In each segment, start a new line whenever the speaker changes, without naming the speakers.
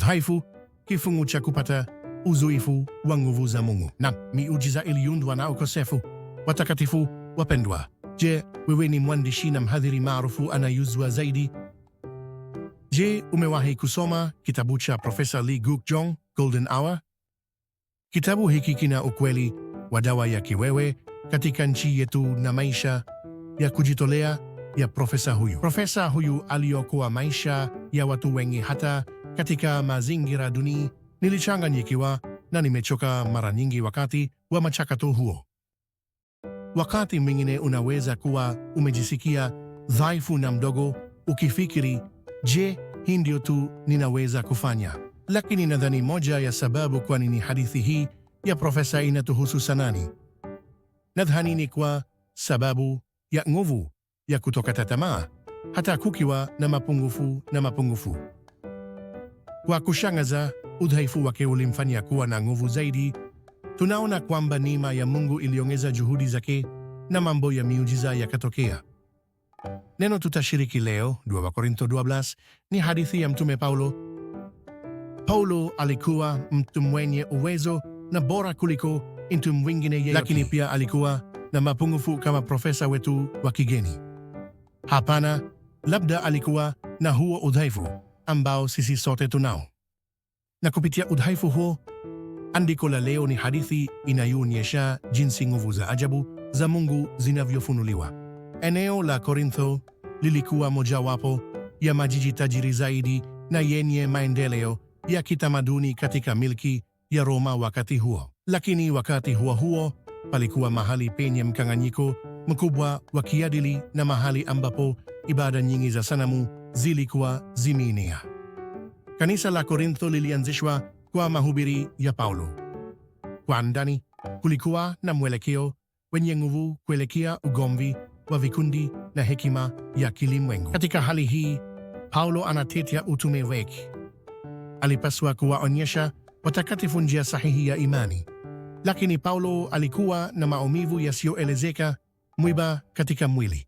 haifu, kifungu cha kupata uzuifu wa nguvu za Mungu na miujiza iliundwa na ukosefu. Watakatifu wapendwa, je, wewe ni mwandishi na mhadhiri maarufu anayuzwa zaidi? Je, umewahi kusoma kitabu cha Profesa Lee Guk Jong, Golden Hour? Kitabu hiki kina ukweli wa dawa ya kiwewe katika nchi yetu na maisha ya kujitolea ya profesa huyu. Profesa huyu aliokoa maisha ya watu wengi hata katika mazingira duni, nilichanganyikiwa na nimechoka mara nyingi wakati wa machakato huo. Wakati mwingine unaweza kuwa umejisikia dhaifu na mdogo, ukifikiri, je, hii ndio tu ninaweza kufanya? Lakini nadhani moja ya sababu kwa nini hadithi hii ya Profesa inatuhusu sanani, nadhani ni kwa sababu ya nguvu ya kutokata tamaa hata kukiwa na mapungufu na mapungufu. Kwa kushangaza, udhaifu wake ulimfanya kuwa na nguvu zaidi. Tunaona kwamba neema ya Mungu iliongeza juhudi zake na mambo ya miujiza yakatokea. Neno tutashiriki leo, dua wa 12, ni hadithi ya mtume Paulo. Paulo alikuwa mtu mwenye uwezo na bora kuliko mtu mwingine yeyote, lakini pia alikuwa na mapungufu kama profesa wetu wa kigeni. Hapana, labda alikuwa na huo udhaifu ambao sisi sote tunao, na kupitia udhaifu huo andiko la leo ni hadithi inayoonyesha jinsi nguvu za ajabu za Mungu zinavyofunuliwa. Eneo la Korintho lilikuwa mojawapo ya majiji tajiri zaidi na yenye maendeleo ya kitamaduni katika milki ya Roma wakati huo, lakini wakati huo huo palikuwa mahali penye mkanganyiko mkubwa wa kiadili na mahali ambapo ibada nyingi za sanamu zilikuwa zimeenea. Kanisa la Korintho lilianzishwa kwa mahubiri ya Paulo. Kwa ndani kulikuwa na mwelekeo wenye nguvu kuelekea ugomvi wa vikundi na hekima ya kilimwengu. Katika hali hii, Paulo anatetea utume wake. Alipaswa kuwaonyesha watakatifu njia sahihi ya imani, lakini Paulo alikuwa na maumivu yasiyoelezeka, mwiba katika mwili.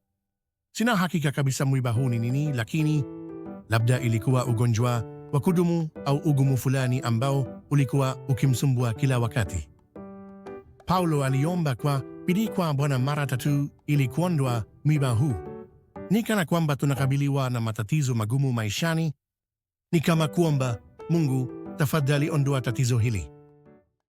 Sina hakika kabisa mwiba ni nini, lakini labda ilikuwa ugonjwa wa kudumu au ugumu fulani ambao ulikuwa ukimsumbua kila wakati. Paulo aliomba kwa bidii kwa Bwana mara tatu ili kuondoa mwiba huu. Ni kana kwamba tunakabiliwa na matatizo magumu maishani, ni kama kuomba Mungu, tafadhali ondoa tatizo hili.